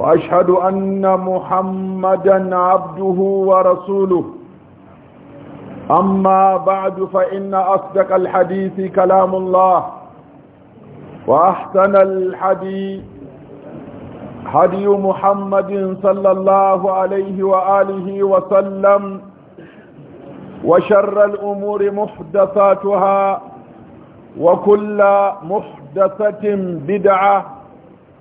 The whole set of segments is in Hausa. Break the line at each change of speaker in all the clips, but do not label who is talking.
وأشهد أن محمدا عبده ورسوله أما بعد فإن أصدق الحديث كلام الله وأحسن الحديث هدي محمد صلى الله عليه وآله وسلم وشر الأمور محدثاتها وكل محدثة بدعة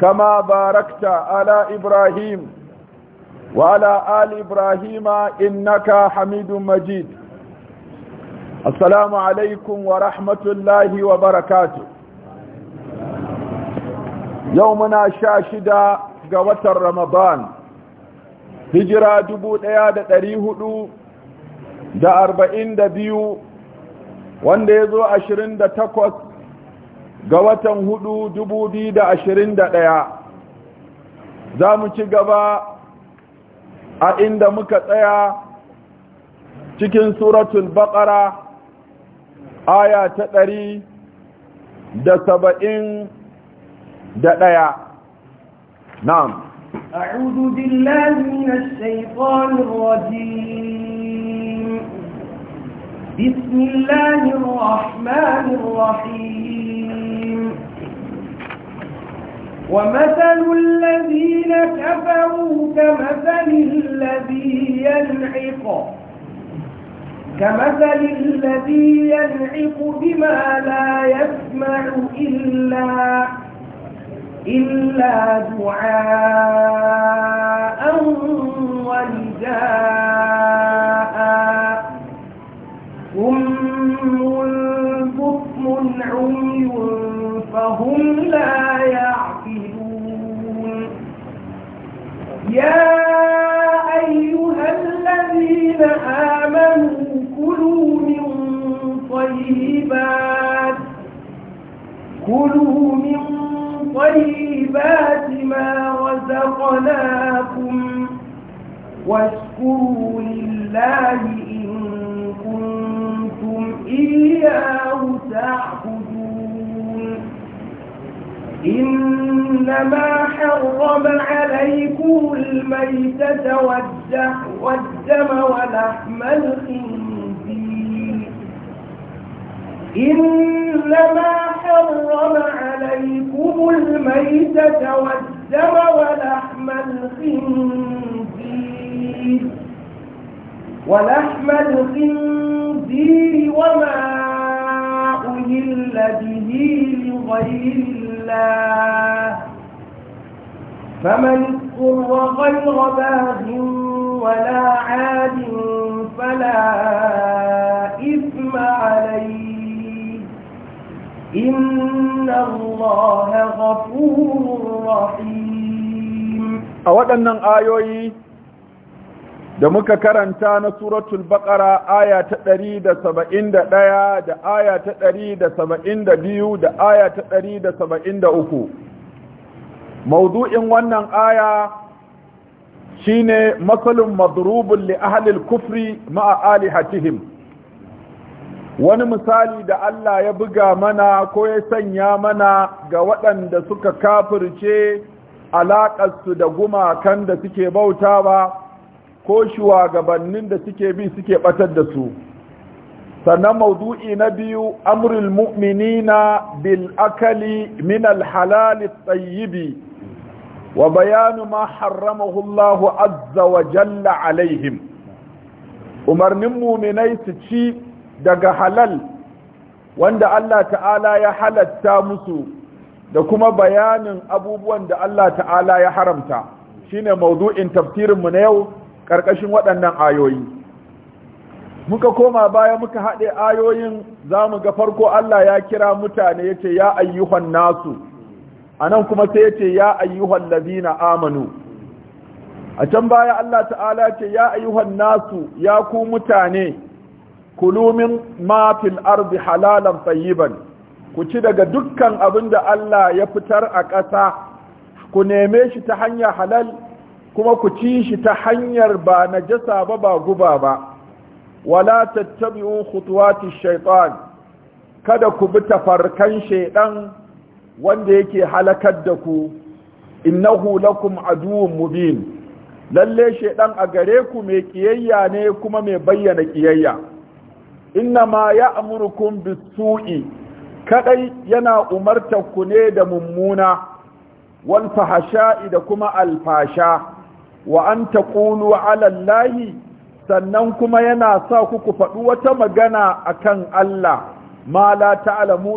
كما باركت على إبراهيم وعلى آل إبراهيم إنك حميد مجيد السلام عليكم ورحمة الله وبركاته يومنا شاشدة قوة رمضان هجرة دبوت ايادة تريهدو دا أربعين دا بيو وان ديزو عشرين دا تقوث ga watan hudu dubu biyu da ashirin da ɗaya za mu ci gaba a inda muka tsaya cikin suratul bakara aya ta ɗari da saba'in da ɗaya na'am
أعوذ بالله من الشيطان الرجيم بسم الله الرحمن الرحيم ومثل الذين كفروا كمثل الذي ينعق كمثل الذي ينعق بما لا يسمع إلا إلا دعاء ونداء صم بكم عمي فهم لا يعلمون يا أيها الذين آمنوا كلوا من طيبات كلوا من طيبات ما رزقناكم واشكروا لله إن كنتم إياه تعبدون إنما حرم عليكم الميتة والدم ولحم الخنزير إنما حرم عليكم الميتة والدم ولحم الخنزير ولحم الخنزير وما أهل به لغير الله فمن اضطر غير باغ ولا عاد فلا إثم عليه إن الله غفور رحيم
أودنا آيوي da muka karanta na suratul baqara aya ta 171 da aya ta 172 da aya ta 173 mawdu'in wannan aya shine masalun madrubun li ahli al-kufri ma'a alihatihim wani misali da Allah ya buga mana ko ya sanya mana ga waɗanda suka kafirce alaƙarsu da gumakan da suke bautawa ko shugabannin da suke bi suke batar da su sannan maudu'i na biyu amrul mu'minina bil akali min al halal at-tayyib wa bayanu ma harramahu Allah azza wa jalla alaihim umarnin mu'minai su ci daga halal wanda Allah ta'ala ya halatta musu da kuma bayanin abubuwan da Allah ta'ala ya haramta shine maudu'in mu na yau ƙarƙashin waɗannan ayoyi muka koma baya muka haɗe ayoyin za mu ga farko Allah ya kira mutane ya ce ya ayyuhan nasu a nan kuma sai ya ce ya ayyuhan lazina amanu a can baya Allah ta'ala ce ya ayyuhan nasu ya ku mutane kulumin mafil arzi halalan tayyiban ku ci daga dukkan abin da Allah ya fitar a ƙasa ku neme shi ta hanya halal kuma ku ci shi ta hanyar ba najasa ba ba guba ba wala tattabi'u khutuwati shaitan kada ku bi tafarkan shaiɗan wanda yake halakar da ku innahu lakum aduwwun mubin lalle shaiɗan a gare ku mai kiyayya ne kuma mai bayyana kiyayya inna ma ya'murukum bis-su'i kadai yana umartar ku ne da mummuna wal fahasha'i da kuma alfasha wa an taqulu sannan kuma yana sa ku ku faɗi wata magana akan Allah ma la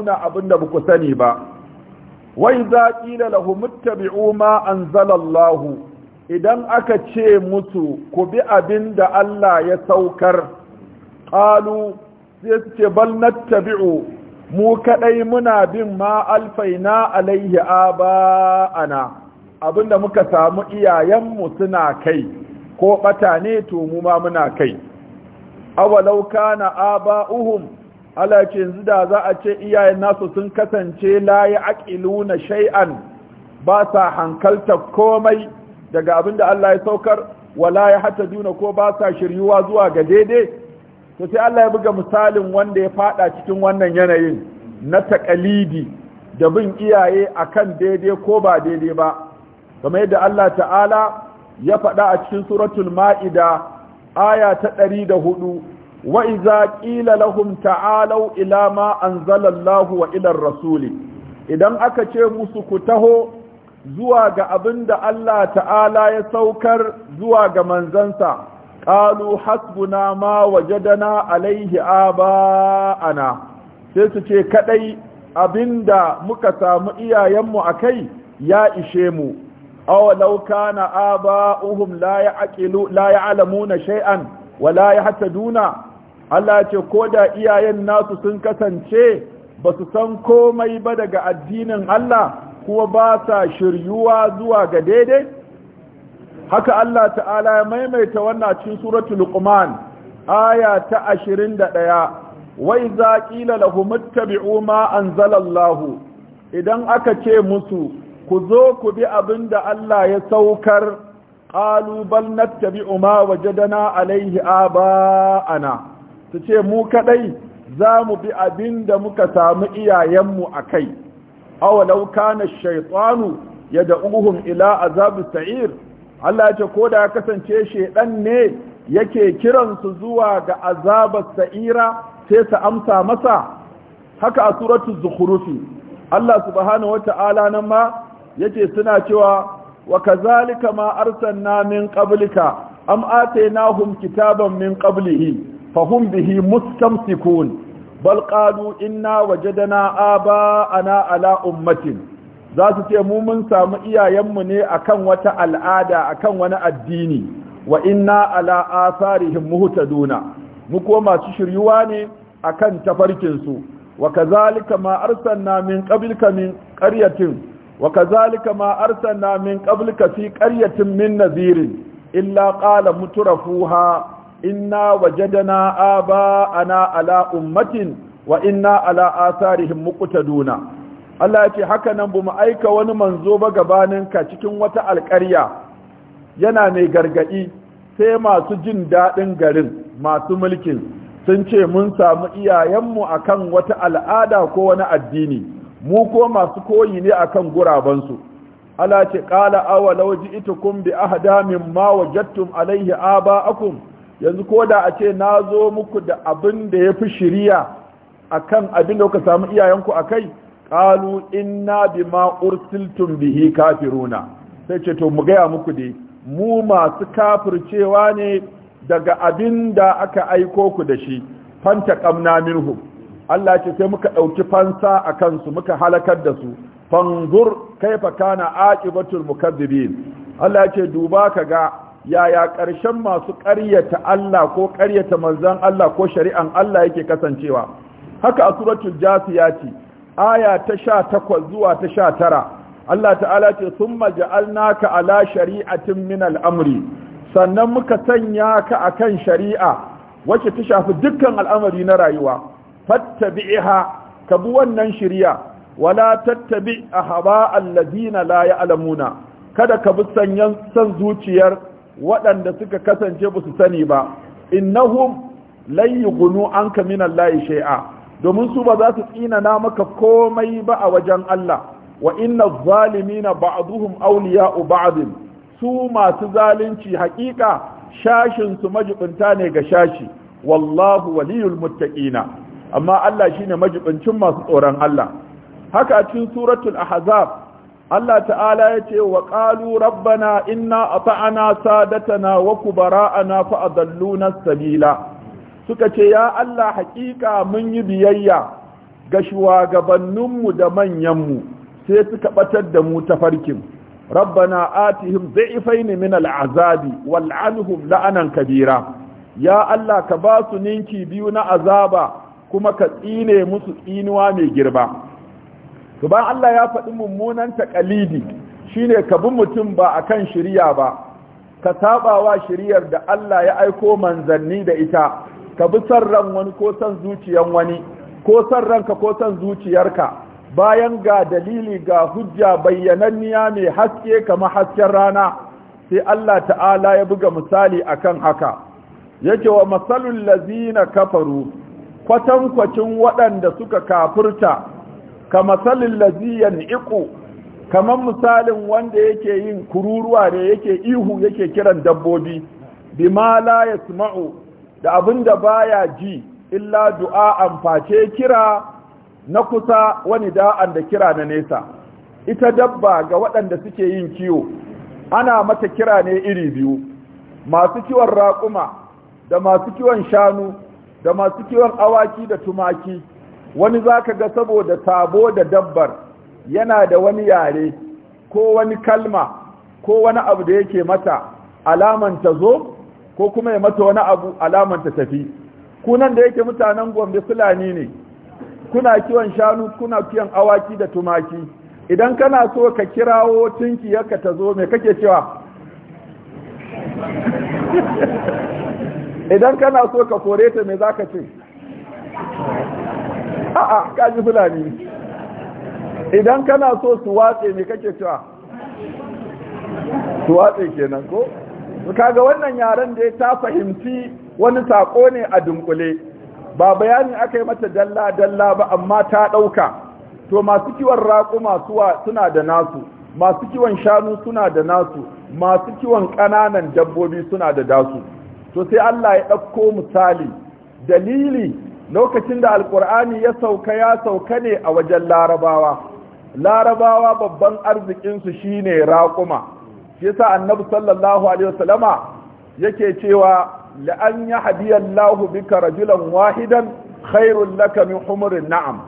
na abin da baku sani ba Wai zaƙi da lahu ittabi'u ma anzala Allah idan aka ce musu ku bi abinda Allah ya saukar ƙalu sai su ce bal nattabi'u mu kaɗai muna bin ma alfaina alaihi ba'ana. ana da muka samu iyayenmu suna kai ko bata ne to mu ma muna kai awalau kana aba'uhum ala ce yanzu da za a ce iyayen nasu sun kasance la aqiluna shay'an ba sa hankalta komai daga abinda Allah ya saukar wala ya hata duna ko ba sa shiryuwa zuwa ga daidai to sai Allah ya buga misalin wanda ya fada cikin wannan yanayin na takalidi da bin iyaye akan daidai ko ba daidai ba kamar yadda Allah ta'ala ya faɗa a cikin suratul ma'ida aya ta ɗari da hudu wa iza ƙila lahum ta'alau ila ma anzalallahu wa ilar rasuli idan aka ce musu ku taho zuwa ga abin da Allah ta'ala ya saukar zuwa ga manzansa ƙalu hasbuna ma wajadana alaihi aba'ana sai su ce kaɗai abinda muka samu iyayenmu a kai ya ishe mu aw na Aba uhum la ya'qilu la ya'lamuna shay'an wa la Allah ce ko da iyayen nasu sun kasance ba su san komai ba daga addinin Allah kuma ba sa shiryuwa zuwa ga daidai haka Allah ta'ala ya maimaita wannan cin suratul luqman aya ta 21 wa idza qila lahum muttabi'u ma an idan aka ce musu ku zo ku bi abin da Allah ya saukar ƙalu bal nattabi'u ma wajadana alaihi aba'ana su ce mu kaɗai za mu bi abin da muka samu iyayenmu a kai awalauka kana shaitanu ya uhun ila azabu sa'ir Allah ya ce ko da ya kasance shaiɗan ne yake kiransu zuwa ga azabar sa'ira sai su amsa masa haka a suratul zukhrufi Allah subhanahu wata'ala nan ma yace suna cewa wa kazalika ma arsalna min qablika am atainahum kitaban min qablihi fahum bihi mustamsikun bal qalu inna wajadna ana ala ummatin za su ce mu mun samu iyayenmu ne akan wata al'ada akan wani addini wa inna ala asarihim muhtaduna mu ko masu shiryuwa ne akan tafarkin su wa kazalika ma arsalna min qablika min qaryatin Wa kazalika ma arsana min ƙafalka fi ƙarya tun Minna Illa ƙala muturafuha. Ina waje da na'a ba ummatin, wa inna ala'a sarihin muku duna. Allah ce haka nan ba mu aika wani manzo zo ba gaba ka cikin wata alƙarya yana mai gargadi. Sai masu jin daɗin garin masu mulkin, sun ce mun samu iyayenmu a kan wata al'ada ko wani addini. mu ko masu koyi ne akan gurabansu ala ce qala awalau ji'tukum bi ahda mimma wajadtum alaihi aba'akum yanzu ko da a ce zo muku da abin da yafi shiriya akan abin da kuka samu iyayenku akai qalu inna bima ursiltum bihi kafiruna sai ce to mu gaya muku dai mu masu kafircewa ne daga abin da aka aiko ku da shi fanta kamna minhum Allah ce sai muka ɗauki fansa a kansu muka halakar da su fanzur kaifa kana aqibatul mukazzibin Allah ce duba ka ga yaya ƙarshen masu ƙaryata Allah ko ƙaryata manzan Allah ko shari'an Allah yake kasancewa haka a suratul jasiya ce aya ta sha takwas zuwa ta sha tara. Allah ta'ala ce sun summa alnaka ala shari'atin min al'amri sannan muka sanya ka akan shari'a wacce ta shafi dukkan al'amari na rayuwa fattabi'iha ka bi wannan shirya wala tattabi ahaba allazina la ya'lamuna kada ka bi sanyan san zuciyar waɗanda suka kasance ba su sani ba innahum lan yughnu anka min allahi shay'a domin su ba za su na maka komai ba a wajen Allah wa inna zalimina ba'duhum awliya'u ba'd su masu zalunci haƙiƙa shashin su majibinta ne ga shashi wallahu waliyul muttaqina amma Allah shine majibincin masu tsoron Allah haka a cikin suratul ahzab Allah ta'ala ya ce wa ƙalu rabbana inna sadata sadatana wa kubara'ana fa na sabila suka ce ya Allah haƙiƙa mun yi biyayya ga shugabanninmu da manyanmu sai suka batar da mu ta farkin rabbana atihim dha'ifain min al'azabi wal'anhum la'anan kabira ya Allah ka ba su ninki biyu na azaba kuma ka tsine musu tsinuwa mai girba to ba Allah ya faɗi mummunan Shi shine ka bi mutum ba akan shirya ba ka sabawa shiryar da Allah ya aiko manzanni da ita ka bi san ran wani ko san zuciyan wani ko san ranka ko san zuciyarka bayan ga dalili ga hujja bayyananniya mai haske kamar hasken rana sai Allah ta'ala ya buga misali akan haka yake wa masalul lazina kafaru kwatankwacin waɗanda suka kafurta ka masalin laziyan iku kamar misalin wanda yake yin kururuwa da yake ihu yake kiran dabbobi bima la yasma'u da abin da baya ji illa du'a face kira na kusa wani da'an da kira na nesa ita dabba ga waɗanda suke yin kiwo ana mata kira ne iri biyu masu kiwon raƙuma da masu kiwon shanu da masu kiwon awaki da tumaki wani za ka ga saboda tabo da dabbar yana da wani yare ko wani kalma ko wani abu da yake mata alaman ta zo ko kuma ya mata wani abu alaman ta tafi kunan da yake mutanen gombe fulani ne kuna kiwon shanu kuna kiwon awaki da tumaki idan kana so ka kirawo tunki yaka ta zo me kake cewa idan kana so ka kore ta za zaka ce a'a kaji fulani idan kana so su watse me kake cewa su watse kenan ko kaga wannan yaren da ta fahimci wani sako ne a dunkule ba bayani aka yi mata dalla dalla ba amma ta dauka to masu kiwon raƙuma suna da nasu masu kiwon shanu suna da nasu masu kiwon ƙananan dabbobi suna da dasu to sai Allah ya ɗauko misali dalili lokacin da alkur'ani ya sauka ya sauka ne a wajen larabawa larabawa babban arzikinsu shine raƙuma shi yasa annabi sallallahu alaihi wasallama yake cewa la'an ya hadiyallahu bika rajulan wahidan khairul laka min humurin na'am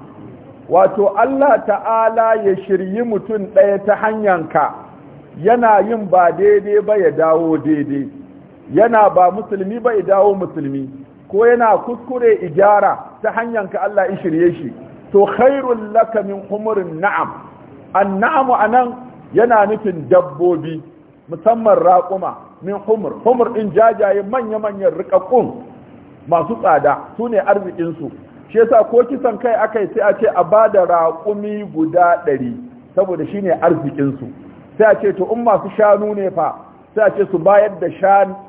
wato Allah ta'ala ya shiryi mutum ɗaya ta hanyanka yana yin ba daidai ba ya dawo daidai yana ba musulmi ba idawo musulmi ko yana kuskure igyara ta hanyar ka Allah in shirye shi to khairul laka min humurin na'am an na'amu anan yana nufin dabbobi musamman raƙuma min humur humur din jajaye manya-manyan rikakkun masu tsada su ne arzikinsu shi yasa ko kisan kai aka yi sai a ce a ba da raƙumi guda ɗari saboda shi ne arzikinsu sai a ce to in masu shanu ne fa sai ce su bayar da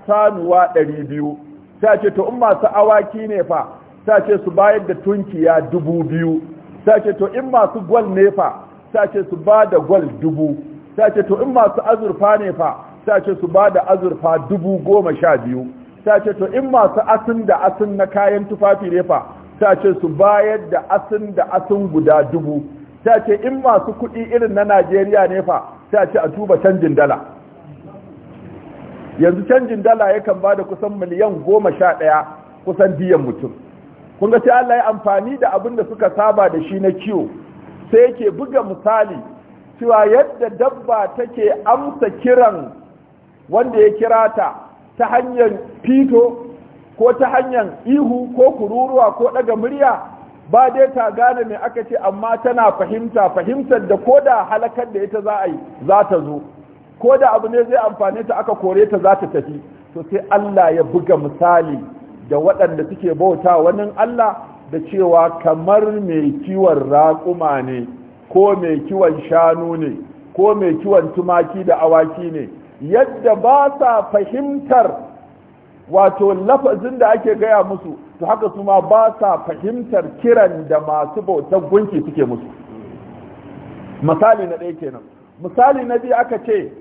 sanuwa ɗari biyu sai ce to in masu awaki ne fa sai ce su bayar da tunkiya dubu biyu sai ce to in masu gwal ne fa sai ce su ba da gwal dubu sai ce to in masu azurfa ne fa sai ce su ba da azurfa dubu goma sha biyu sai ce to in masu asin da asin na kayan tufafi ne fa sai ce su bayar da asin da asin guda dubu sai ce in masu kuɗi irin na Najeriya ne fa sai ce a tuba canjin dala yanzu canjin dala yakan ba da kusan miliyan goma sha ɗaya kusan biyan mutum kun ga sai Allah ya amfani da abin da suka saba da shi na kiwo sai yake buga misali cewa yadda dabba take amsa kiran wanda ya kira ta ta hanyar fito ko ta hanyar ihu ko kururuwa ko ɗaga murya ba dai ta gane mai aka ce amma tana fahimta fahimtar da ko da halakar da ita za a yi za ta zo ko da abu ne zai amfane ta aka kore ta za ta tafi to sai Allah ya buga misali da waɗanda suke bauta wani Allah da cewa kamar mai kiwon raƙuma ne ko mai kiwon shanu ne ko mai kiwon tumaki da awaki ne yadda ba sa fahimtar wato lafazin da ake gaya musu to haka su ma ba sa fahimtar kiran da masu bautar gunki suke musu misali na ɗaya kenan misali na biyu aka ce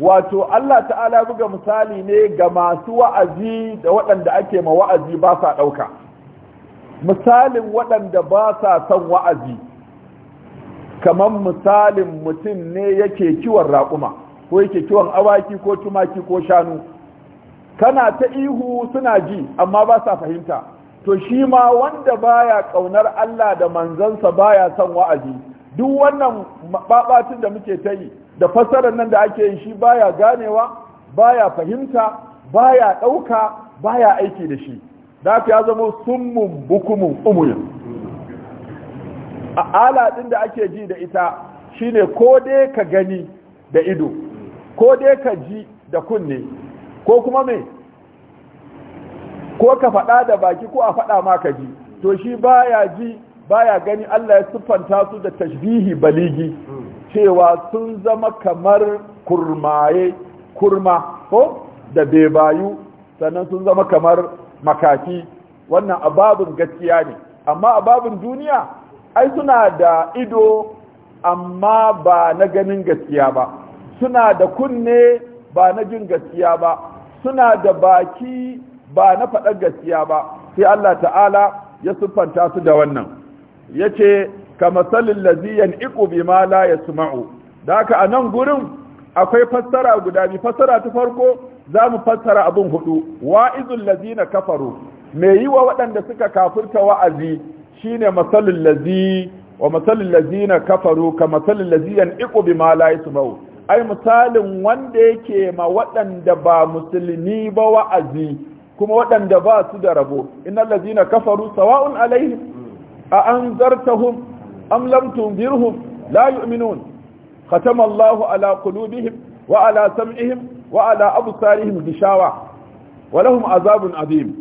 wato Allah ta'ala buga misali ne ga masu wa'azi da waɗanda ake ma wa'azi ba sa ɗauka misalin waɗanda ba sa son wa'azi kamar misalin mutum ne yake kiwon raƙuma ko yake kiwon awaki ko tumaki ko shanu kana ta ihu suna ji amma ba sa fahimta to shi ma wanda baya ƙaunar Allah da manzansa baya son wa'azi duk wannan babatun da muke ta yi da fassarar nan da ake yi shi baya ganewa baya fahimta baya ɗauka baya aiki da shi da ya zama summun bukumun umuyin a ala ɗin da ake ji da ita shine ko dai ka gani da ido ko dai ka ji da kunne ko kuma me ko ka faɗa da baki ko a faɗa ma ka ji to shi baya ji baya gani Allah ya siffanta su da tashbihi baligi cewa sun zama kamar kurmaye kurma ko da bebayu sannan sun zama kamar makaki wannan ababin gaskiya ne amma ababin duniya ai suna da ido amma ba na ganin gaskiya ba suna da kunne ba na jin gaskiya ba suna da baki ba na faɗar gaskiya ba sai Allah ta'ala ya siffanta su da wannan ya ce kama salin laziyan iku bi ma la ya suma'u da haka a nan gurin akwai fassara guda biyu fassara ta farko za mu fassara abin hudu wa'izun lazina kafaru mai yi wa waɗanda suka kafirta wa'azi shine masalul lazi wa lazina kafaru ka masalul laziyan iku bi ma la ya suma'u ai misalin wanda yake ma waɗanda ba musulmi ba wa'azi kuma waɗanda ba su da rabo ina lazina kafaru sawa'un alaihim a anzartahum am lam tunzirhum la yu'minun khatama ala qulubihim wa sam'ihim wa ala absarihim gishawa wa lahum azabun azim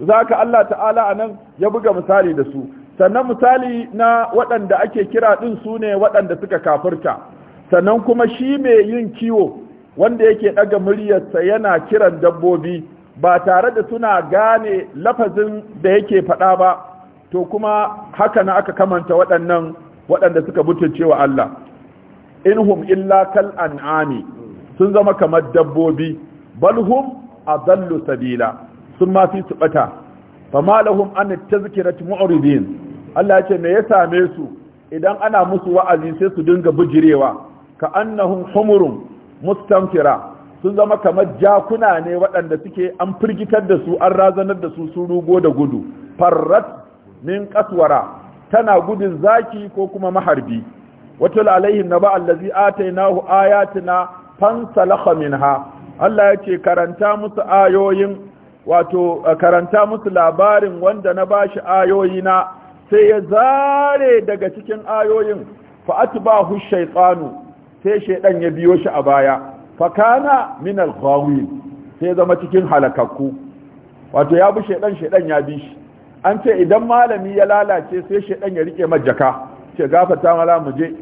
zaka Allah ta'ala anan ya buga misali da su sannan misali na waɗanda ake kira ɗin su ne waɗanda suka kafirta sannan kuma shi mai yin kiwo wanda yake ɗaga muryarsa yana kiran dabbobi ba tare da suna gane lafazin da yake faɗa ba to kuma haka na aka kamanta waɗannan waɗanda suka butulce wa Allah inhum illa kal an'ami sun zama kamar dabbobi balhum adallu sabila sun ma fi su bata fama lahum an tazkirat mu'ridin Allah ya ce me ya same su idan ana musu wa'azi sai su dinga bujirewa ka annahum humurun mustamkira sun zama kamar jakuna ne waɗanda suke an firgitar da su an razanar da su su rugo da gudu farrat min kaswara tana gudun zaki ko kuma maharbi watul alaihin naba allazi atainahu ayatina fansalakha minha Allah ce karanta musu ayoyin wato karanta musu labarin wanda na bashi ayoyina sai ya zare daga cikin ayoyin fa atbahu shaytanu sai shaydan ya biyo shi a baya fa kana min al sai zama cikin halakakku wato ya bi shaydan shaydan ya bi shi an ce idan malami ya lalace sai shaidan ya rike majaka ce gafata mala mu je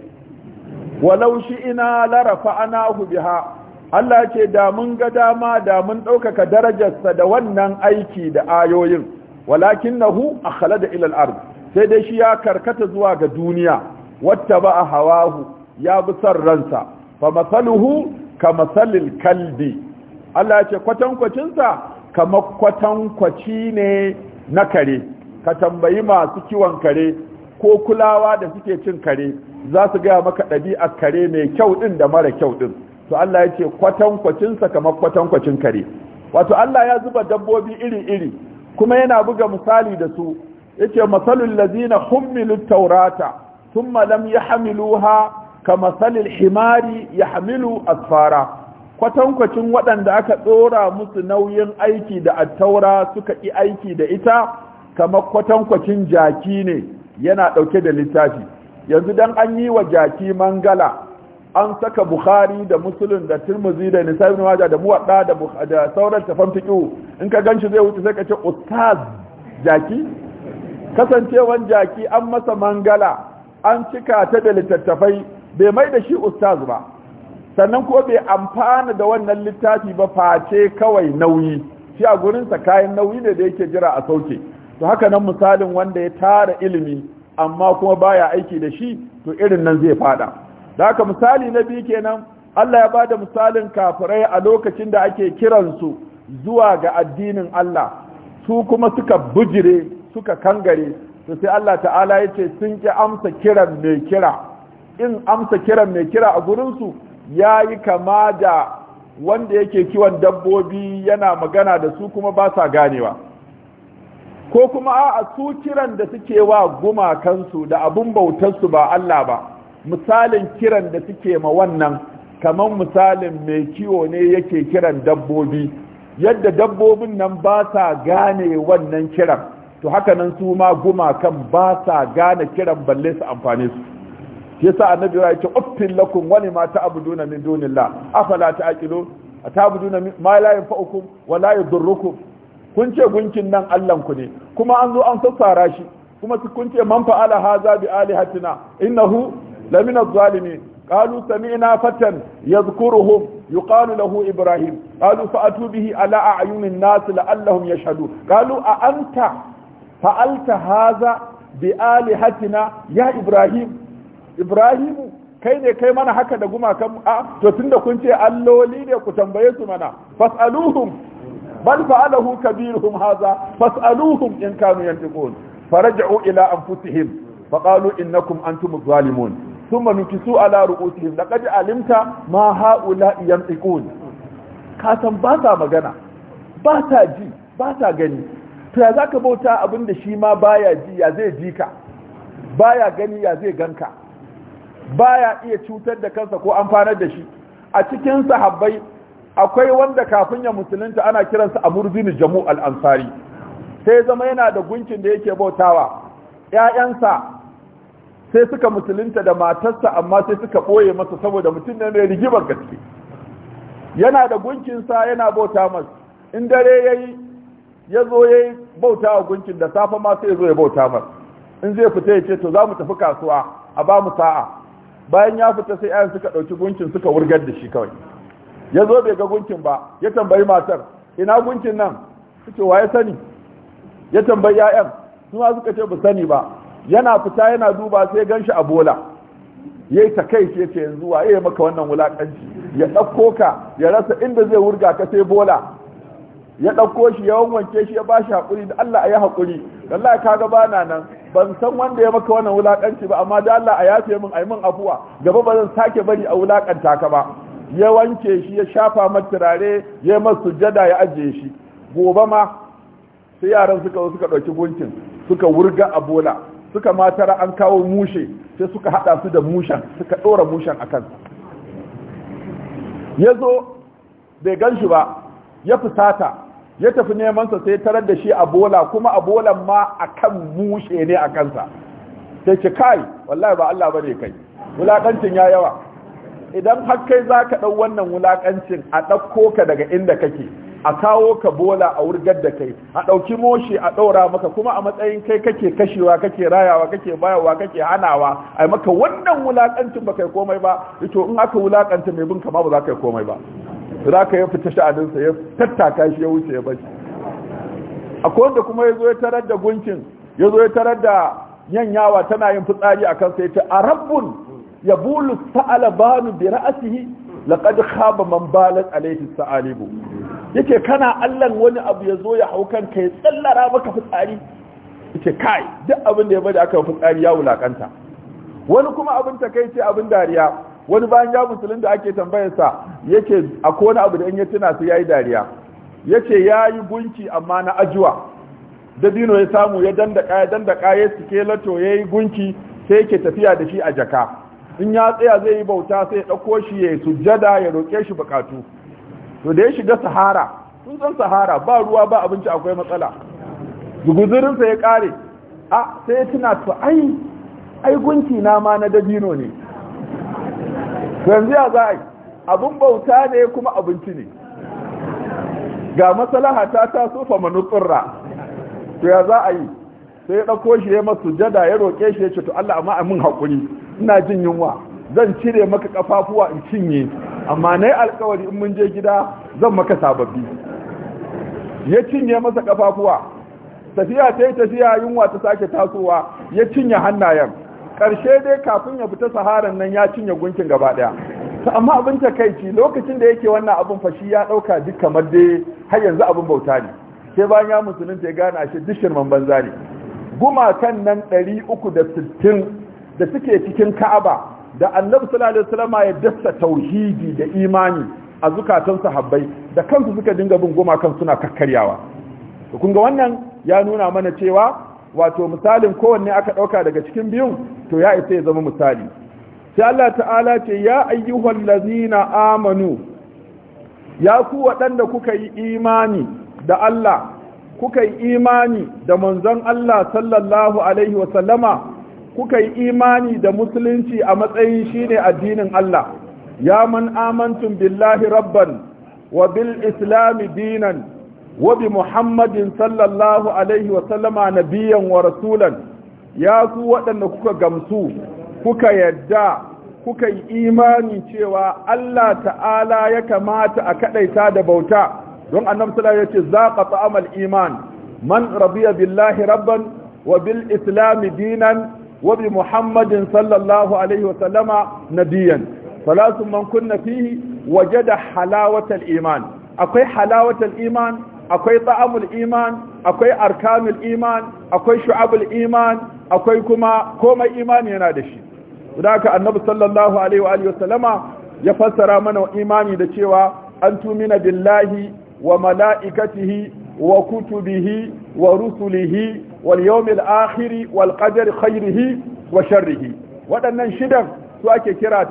walau shi ina larafa ana biha Allah ce da mun ga dama da mun ɗaukaka darajarsa da wannan aiki da ayoyin walakin nahu a al da ard sai dai shi ya karkata zuwa ga duniya wata ba a hawahu ya bi son ransa fa masaluhu ka masalil kalbi Allah ce kwatankwacinsa kamar kwatankwaci ne na kare ka tambayi masu kiwon kare ko kulawa da suke cin kare za su gaya maka ɗabi'ar kare mai kyau ɗin da mara kyau ɗin to Allah ya ce kwatankwacinsa kamar kwatankwacin kare wato Allah ya zuba dabbobi iri-iri kuma yana buga misali da su yace masalul lazina hummilu taurata thumma lam ka kamasalil himari yahmilu asfara kwatankwacin waɗanda aka tsora musu nauyin aiki da attaura suka ƙi aiki da ita kamar kwatankwacin jaki ne yana ɗauke da littafi yanzu dan an yi wa jaki mangala an saka bukhari da musulun da turmuzi da nisa ibn da muwadda da sauran tafan in ka ganshi zai wuce sai ka ce ustaz jaki kasancewan jaki an masa mangala an cika ta da littattafai bai mai da shi ustaz ba sannan ko bai amfana da wannan littafi ba face kawai nauyi shi a gurinsa kayan nauyi ne da yake jira a sauke to haka nan misalin wanda ya tara ilimi amma kuma baya aiki da shi to irin nan zai fada da haka misali na biyu kenan Allah ya bada misalin kafirai a lokacin da ake kiransu zuwa ga addinin Allah su kuma suka bujire suka kangare to sai Allah ta'ala ya ce sun ki amsa kiran mai kira in amsa kiran mai kira a gurinsu ya yi kama da wanda yake kiwon dabbobi yana magana da su kuma ba sa ganewa ko kuma a su kiran da suke wa gumakansu da abin bautarsu ba Allah ba misalin kiran da suke ma wannan kamar misalin mai kiwo ne yake kiran dabbobi yadda dabbobin nan ba sa gane wannan kiran to haka nan su ma gumakan ba sa gane kiran balle su amfane su yasa annabi ya ce uffil lakum wa lima ta'buduna min dunillah afala ta'qilun atabuduna ma la yanfa'ukum wa la yadurrukum kun ce gunkin nan Allahn ku ne kuma an zo an sassara shi kuma kun ce man fa'ala haza bi alihatina innahu lamina zalimi قالوا سمعنا فتى يذكرهم يقال له إبراهيم قالوا فأتوا به على أعين الناس لعلهم يشهدون قالوا أأنت فعلت هذا بآلهتنا يا Ibrahim. ibrahimu kai ne kai mana haka da gumakan a to tunda kun ce alloli ne ku tambaye su mana fasaluhum bal fa'alahu kabiruhum hadha fasaluhum in kanu yantiqun faraj'u ila anfusihim faqalu innakum antum zalimun thumma nukisu ala ru'usihim laqad alimta ma haula yantiqun ka san ba sa magana ba sa ji ba sa gani to ya zaka bauta abinda shi ma baya ji ya zai ji ka baya gani ya zai ganka baya iya cutar da kansa ko amfanar da shi a cikin sahabbai akwai wanda kafin ya musulunta ana kiransa a bin Jamu al-Ansari sai zama yana da gunkin da yake bautawa Ya'yansa sai suka musulunta da matarsa amma sai suka boye masa saboda mutum ne mai rigibar gaske yana da gunkinsa yana bauta masa in dare yayi ya zo ya bauta wa gunkin da safe ma ya zo ya bauta masa in zai fita ya ce to za mu tafi kasuwa a ba mu sa'a bayan ya fita sai ayan suka ɗauki gunkin suka wurgar da shi kawai ya zo bai ga gunkin ba ya tambayi matar ina gunkin nan ce wa sani ya tambayi ya'yan su ma suka ce ba sani ba yana fita yana duba sai gan shi a bola ya yi takaice ce yanzu wa ya maka wannan wulakanci ya ɗauko ka ya rasa inda zai wurga ka sai bola ya ɗauko shi ya wanwanke shi ya ba shi haƙuri da Allah a yi haƙuri Allah ka ga bana nan ban san wanda ya maka wannan wulakanci ba amma da Allah a yafe min ai min afuwa gaba ba zan sake bari a wulakanta ka ba ya wanke shi ya shafa mata turare ya masa sujada ya ajiye shi gobe ma sai yaran suka suka dauki gunkin suka wurga a bola suka matara an kawo mushe sai suka hada su da mushen suka dora mushen a kansa ya zo bai gan shi ba ya fusata ya tafi neman sa sai tarar da shi a bola kuma a bolan ma akan mushe ne a kansa sai ce kai wallahi ba Allah bane kai wulakancin ya yawa idan har kai zaka ɗau wannan wulakancin a dauko ka daga inda kake a kawo ka bola a wurgar da kai a ɗauki moshi a ɗaura maka kuma a matsayin kai kake kashewa kake rayawa kake bayawa kake hanawa ai maka wannan wulakancin ba kai komai ba ito in aka wulakanta mai bin kama ba za kai komai ba za ka ya fita sha'aninsa ya tattaka shi ya wuce ya bashi akwai wanda kuma ya zo ya tarar da gunkin ya zo ya tarar da yanyawa tana yin fitsari a kansa ya ce a rabbun ya bulu sa'ala banu bi ra'asihi laqad khaba man balat alayhi sa'alibu Yake kana allan wani abu ya zo ya hau ka ya tsallara maka fitsari yace kai duk abin da ya bada aka fitsari ya wulakanta wani kuma abin takeice abin dariya wani bayan ya musulun da ake tambayarsa yake a kone abu da in ya tuna sai yi dariya yace yayi gunki amma na ajuwa dabino ya samu ya dandaka ya lato ya yi yayi gunki sai yake tafiya da shi a jaka in ya tsaya zai yi bauta sai ya dauko shi ya sujada ya roke shi bukatu to da ya shiga sahara sun san sahara ba ruwa ba abinci akwai matsala guguzurinsa ya kare a sai ya tuna ai ai gunki na ma na dabino ne yanzu ya za a yi abin bauta ne kuma abinci ne ga masalaha ta taso fa manutsura to ya za a yi sai ya ɗauko shi ya masu jada ya roƙe shi ya ce to Allah amma a haƙuri ina jin yunwa zan cire maka ƙafafuwa in cinye amma na yi alkawari in mun je gida zan maka sababbi ya cinye masa ƙafafuwa tafiya ta yi tafiya yunwa ta sake tasowa ya cinye hannayen Karshe dai kafin ya fita saharan nan ya cinye gunkin gaba ɗaya ta amma abin takaici lokacin da yake wannan abin fashi ya ɗauka duk kamar dai har yanzu abin bauta ne sai bayan ya musulunta ya gane ashe duk shirman banza ne gumakan nan ɗari uku da sittin da suke cikin ka'aba da annabi sallallahu alaihi wasallam ya dasa tauhidi da imani a zukatan sahabbai da kansu suka dinga bin gumakan suna kakkaryawa kun ga wannan ya nuna mana cewa wato misalin kowanne aka ɗauka daga cikin biyun to ya isa ya zama misali sai Allah ta'ala ce ya ayyuhal lazina amanu ya ku waɗanda kuka yi imani da Allah kuka yi imani da manzon Allah sallallahu alaihi wa sallama kuka yi imani da musulunci a matsayin shine addinin Allah ya man amantum billahi rabban wa bil islami dinan wabi muhammadin sallallahu alaihi wasallama nabiyan wa rasulan ya fi waɗanda kuka gamsu kuka yadda kuka yi imani cewa Allah ta'ala ya kamata a kaɗaita da bauta don a sallallahu alaihi wasallam ya ce zaqa ta'amal iman man radiya billahi rabban wa bil islam dinan wa muhammadin sallallahu alaihi wasallama nabiyan salatu man kunna fihi wajada halawatal iman akwai halawatal iman akwai ta'amul iman akwai arkanul iman akwai shu'abul iman akwai kuma komai imani yana da shi haka annabi sallallahu alaihi wa alihi wasallama ya fassara mana imani da cewa an tumina billahi wa mala'ikatihi wa kutubihi wa rusulihi wal yawmil akhir wal qadari khairihi wa sharrihi waɗannan shidan su ake kira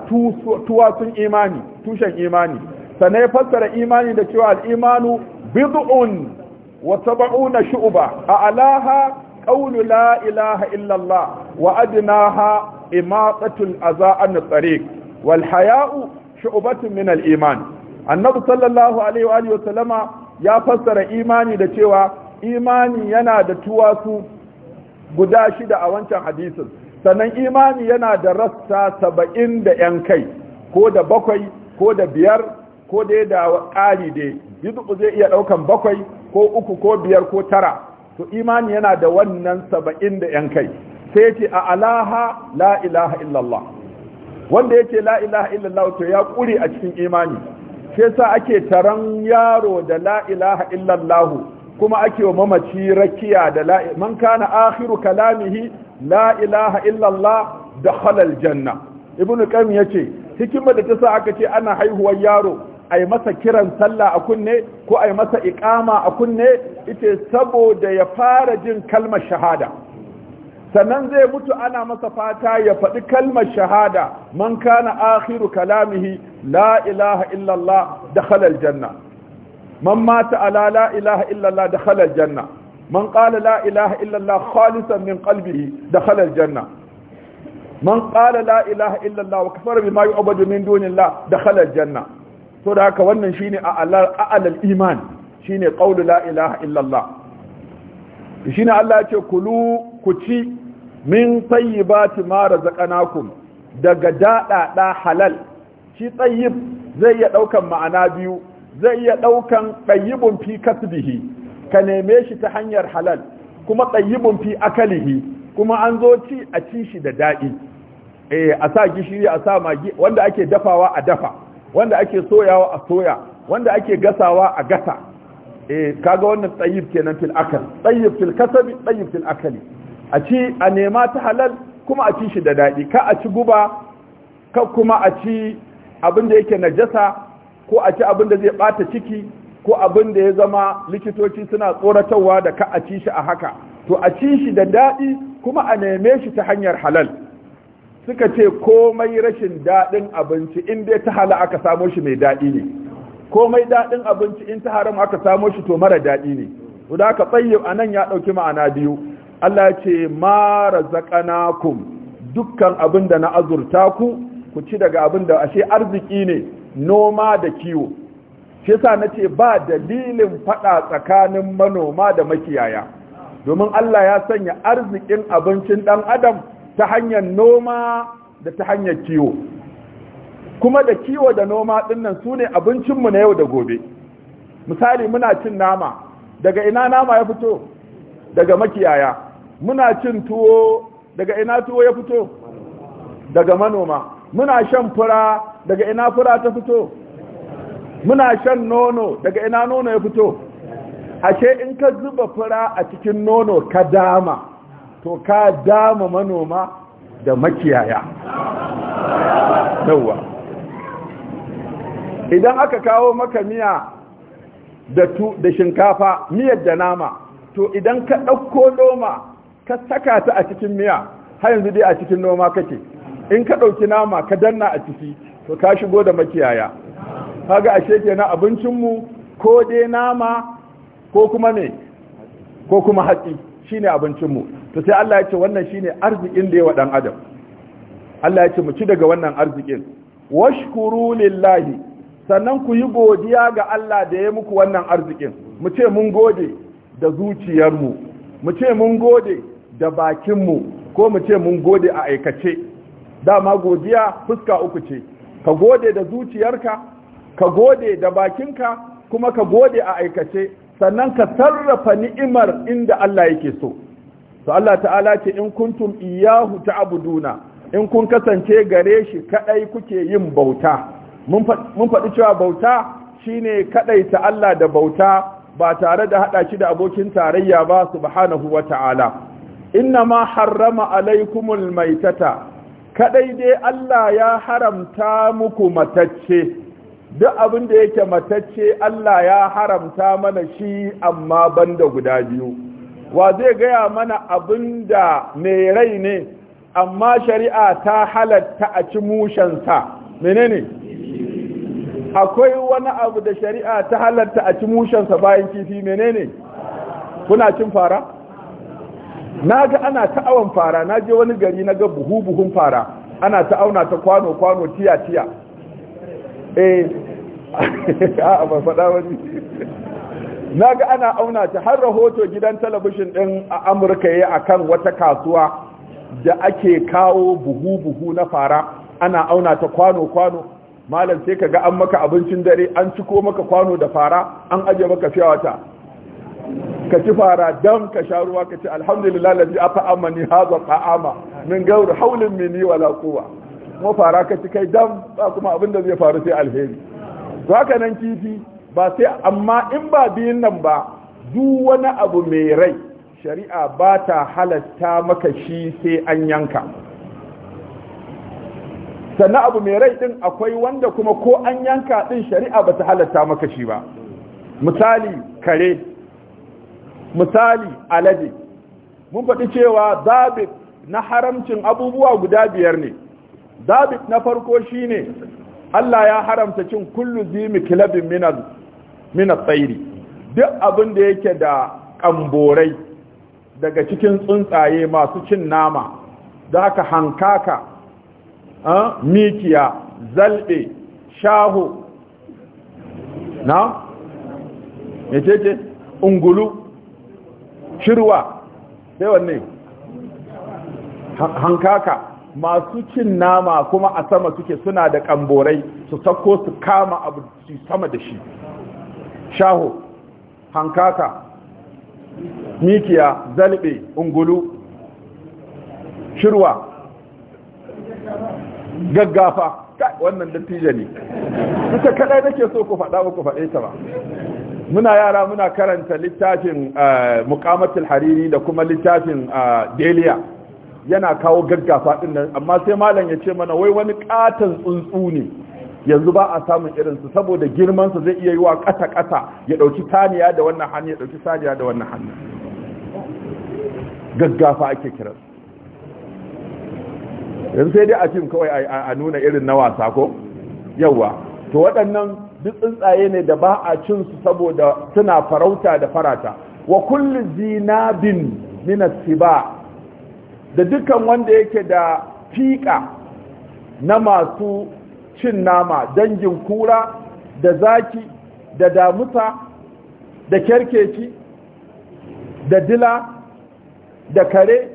tuwasun imani tushen imani sannan ya fassara imani da cewa al-imanu bid'un wa sab'una shu'ba a alaha qawlu ilaha illa Allah wa adnaha imatatul aza an tariq wal haya'u shu'batun min iman annabi sallallahu alaihi wa wa sallama ya fassara imani da cewa imani yana da tuwasu guda shida a wancan hadisin sannan imani yana da rassa saba'in da yan kai ko da bakwai ko da biyar ko dai da ƙari dai bid'u zai iya ɗaukan bakwai ko uku ko biyar ko tara to imani yana da wannan saba'in da yan kai sai ce a alaha la ilaha illallah wanda yake la ilaha illallah to ya kuri a cikin imani sai sa ake taron yaro da la ilaha illallah kuma ake wa mamaci rakiya da la man kana akhiru kalamihi la ilaha illallah dakhala aljanna ibnu qayyim yace hikimar da ta sa aka ce ana haihuwar yaro a yi masa kiran sallah a kunne ko a yi masa ikama a kunne ita saboda ya fara jin kalmar shahada sannan zai mutu ana masa fata ya faɗi kalmar shahada man kana akhiru kalamihi la ilaha illallah da dakhala janna. man mata ala la ilaha illallah da dakhala janna. man qala la ilaha illallah khalisan min qalbihi dakhala aljanna man qala la ilaha illallah wa kafara bima yu'badu min dunillah dakhala aljanna so da haka wannan shine a'lal iman shine qawlu ilaha illallah ne Allah ce kulu ku ci min tayyibati mara razaqnakum daga daɗaɗa halal shi tsayyib zai iya ɗaukan ma'ana biyu zai iya ɗaukan ɗayyibun fi kasbihi ka neme shi ta hanyar halal kuma ɗayyibun fi akalihi kuma an zo ci a ci shi da daɗi eh, a sa gishiri a sa magi wanda ake dafawa a dafa wanda ake soyawa a soya wanda ake gasawa a gasa eh kaga wannan tsayib kenan fil akal tsayib fil kasabi tsayib fil akali a ci a nema ta halal kuma a ci shi da dadi ka a ci guba ka kuma a ci abin da yake najasa ko a ci abin da zai bata ciki ko abin da ya zama likitoci suna tsoratarwa da ka a ci shi a haka to a ci shi da dadi kuma a neme shi ta hanyar halal suka ce komai rashin daɗin abinci in dai ta hala aka samo shi mai daɗi ne komai daɗin abinci in ta haram aka samo shi to mara daɗi ne guda ka a nan ya ɗauki ma'ana biyu Allah ce mara zakanakum dukkan abin da na azurta ku ku ci daga abin da ashe arziki ne noma da kiwo shi yasa na ce ba dalilin faɗa tsakanin manoma da makiyaya domin Allah ya sanya arzikin abincin ɗan adam ta hanyar noma da ta hanyar kiwo kuma da kiwo da noma dinnan su ne abincinmu na yau da gobe misali muna cin nama daga ina nama ya fito daga makiyaya muna cin tuwo daga ina tuwo ya fito daga manoma muna shan fura daga ina fura ta fito muna shan nono daga ina nono ya fito ashe in ka zuba fura a cikin nono ka dama to ka dama manoma da makiyaya yawa idan aka kawo maka miya da shinkafa miyar da nama to idan ka ɗauko noma ka saka ta a cikin miya har yanzu dai a cikin noma kake in ka ɗauki nama ka danna a ciki to ka shigo da makiyaya kaga ashe kenan abincinmu ko dai nama ko kuma ne ko kuma hatsi shine abincinmu to sai Allah ya ce wannan shine arzikin da ya wa dan adam Allah ya ce mu ci daga wannan arzikin washkuru lillahi sannan ku yi godiya ga Allah da ya muku wannan arzikin mu ce mun gode da zuciyarmu mu ce mun gode da bakinmu ko mu ce mun gode a aikace dama godiya fuska uku ce ka gode da zuciyarka ka gode da bakinka kuma ka gode a aikace sannan ka sarrafa ni'imar inda Allah yake so to Allah ta'ala ce in kuntum iyahu ta'buduna in kun kasance gare shi kadai kuke yin bauta mun faɗi cewa bauta shine ta Allah da bauta ba tare da hada shi da abokin tarayya ba subhanahu wata'ala inna ma harrama alaikumul maitata kadai dai Allah ya haramta muku matacce duk abin da yake matacce Allah ya haramta mana shi amma banda guda biyu wa zai gaya mana abin da mai rai ne amma shari'a ta halatta a ci mushensa menene akwai wani abu da shari'a ta halatta a ci mushensa bayan kifi menene kuna cin fara na ga ana ta'awan fara na je wani gari na ga buhu-buhun fara ana ta'auna ta kwano-kwano tiya-tiya eh a ba faɗa wani na ga ana auna ta har rahoto gidan talabishin ɗin a amurka ya kan wata kasuwa da ake kawo buhu-buhu na fara ana auna ta kwano-kwano malam sai ka ga an maka abincin dare an ciko maka kwano da fara an aje maka fiya wata ka ci fara don ka sha ruwa ka ci alhamdulillah lalzi a fa'amma ni haza fa'ama min gauru haulin mini wala kowa kuma fara ka ci kai don ba kuma abin da zai faru sai alheri to ka nan kifi ba sai amma in ba biyun nan ba duk wani abu mai rai shari'a ba ta halatta maka shi sai an yanka sannan abu mai rai din akwai wanda kuma ko an yanka din shari'a ba ta halatta maka shi ba misali kare misali alade mun faɗi cewa zabit na haramcin abubuwa guda biyar ne zabit na farko shi ne. Allah ya haramta cin kullu zimi kilabin mina tsairi duk abin da yake da ƙamborai daga cikin tsuntsaye masu cin nama da aka hankaka mikiya zalɓe, shaho na mecece ungulu shirwa sai wanne hankaka masu cin nama kuma a sama suke suna da kamborai su sako su kama abu su sama da shi shaho hankaka mikiya zalbe ungulu shirwa gaggafa wannan dattijo ne suka kadai nake so ku faɗa ba ku faɗe ta ba muna yara muna karanta littafin eh, mukamatul hariri da kuma littafin eh, deliya yana kawo gaggafa din nan amma sai malam ya ce mana wai wani katon tsuntsu ne yanzu ba a samun irinsu saboda girmansa zai iya yi wa ƙasa-ƙasa ya ɗauki taniya da wannan hannu ya ɗauki saniya da wannan hannu gaggafa ake kiransu yanzu sai dai a fim kawai a nuna irin na wasa ko yawa to waɗannan duk tsuntsaye ne da ba a cin su saboda suna farauta da farata wa kullu zinabin min as-siba da dukan wanda yake da fiƙa na masu cin nama dangin kura da zaki da damuta da kyarkeci da dila da kare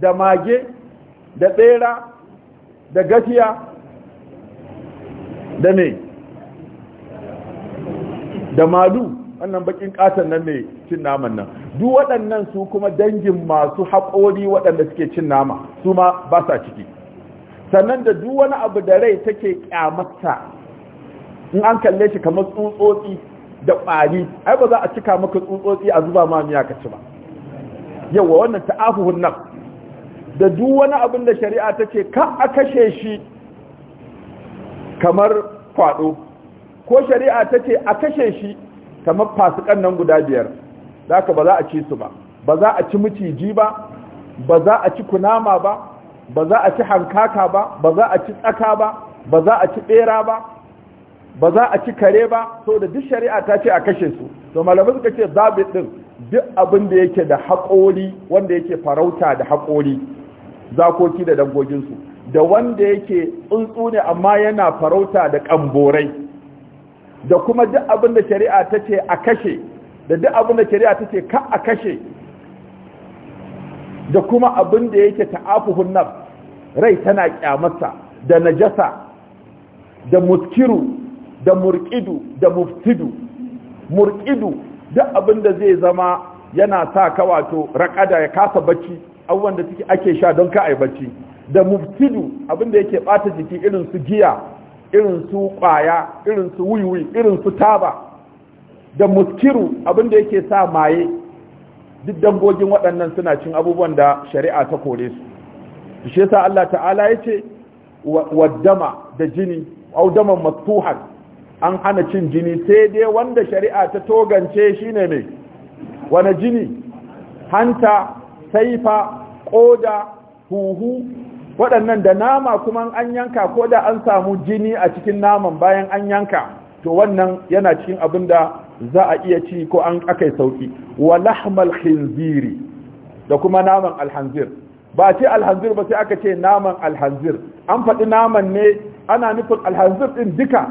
da mage da tsera da gafiya da me da malu wannan bakin katon nan mai cin naman nan duk waɗannan su kuma dangin masu haƙori waɗanda suke cin nama su ma ba sa ciki sannan da duk wani abu da rai take kyamata in an kalle shi kamar tsutsotsi da ƙwari ai ba za a cika maka tsutsotsi a zuba ma miya ka ci ba yawa wannan ta'afuhun nan da duk wani abin da shari'a ta ce ka a kashe shi kamar kwaɗo ko shari'a ta ce a kashe shi kamar fasikan nan guda biyar Zaka ba za a ci su ba ba za a ci miciji ba ba za a ci kunama ba ba za a ci hankaka ba ba za a ci tsaka ba ba za a ci bera ba ba za a ci kare ba so da duk shari'a ta ce a kashe su to malamai suka ce zabi din duk abin da yake da haƙori wanda yake farauta da haƙori zakoki da dangoginsu da wanda yake tsuntsu ne amma yana farauta da ƙamborai da kuma duk abin da shari'a ta ce a kashe da duk abin da shari'a ta ce ka a kashe da kuma abin da yake ta'afuhun naf rai tana kyamata da najasa da muskiru da murƙidu da muftidu Murƙidu duk abin da zai zama yana sa ka wato raƙada ya kasa bacci abubuwan da suke ake sha don ka a yi bacci da muftidu abin da yake ɓata jiki irin su giya irin su ƙwaya irin su wiwi irin su taba da muskiru abin da yake sa maye duk dangogin waɗannan suna cin abubuwan da shari'a ta kore su shi yasa Allah ta'ala yace waddama da jini au dama matuhan an hana cin jini sai dai wanda shari'a ta togance shine mai wani jini hanta saifa koda huhu waɗannan da nama kuma an yanka ko da an samu jini a cikin naman bayan an yanka to wannan yana cikin abin da za a iya ci ko an akai sauki wa lahmal khinziri da kuma naman alhanzir ba ce alhanzir ba sai aka ce naman alhanzir an faɗi naman ne ana nufin alhanzir din duka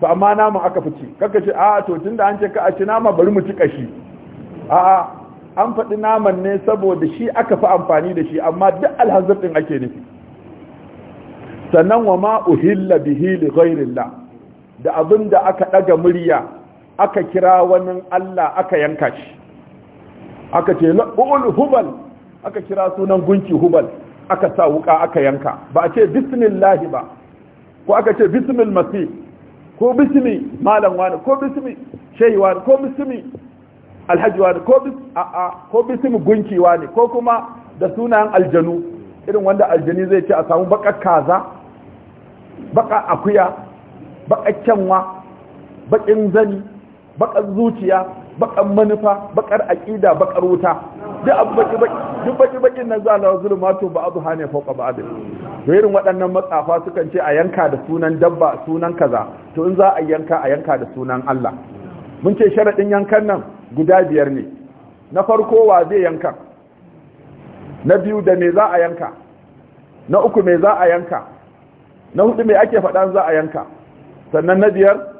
ba amma naman aka fi ci kaka ce a to tunda an ce ka a ci nama bari mu ci kashi a an faɗi naman ne saboda shi aka fi amfani da shi amma duk alhanzir din ake nufi sannan wa ma uhilla bihi li da abin da aka daga murya aka kira wani Allah aka yanka shi aka ce la'ul hubal aka kira sunan gunki hubal aka sa wuka aka yanka ba a ce bismillah ba ko aka ce bismil masi ko bismi malam wani ko bismi shehi wani ko bismi alhaji wani ko bis a ko bismi gunki wani ko kuma da sunan aljanu irin wanda aljani zai ce a samu baka kaza baka akuya baka kyanwa bakin zani bakar zuciya bakar manufa bakar aqida bakar wuta duk abu baki baki duk baki baki nan za la zulmatu ba abu hane fauka ba da to irin waɗannan matsafa sukan ce a yanka da sunan dabba sunan kaza to in za a yanka a yanka da sunan Allah mun ce sharadin yankan nan guda biyar ne na farko wa zai yanka na biyu da me za a yanka na uku me za a yanka na hudu me ake faɗan za a yanka sannan na biyar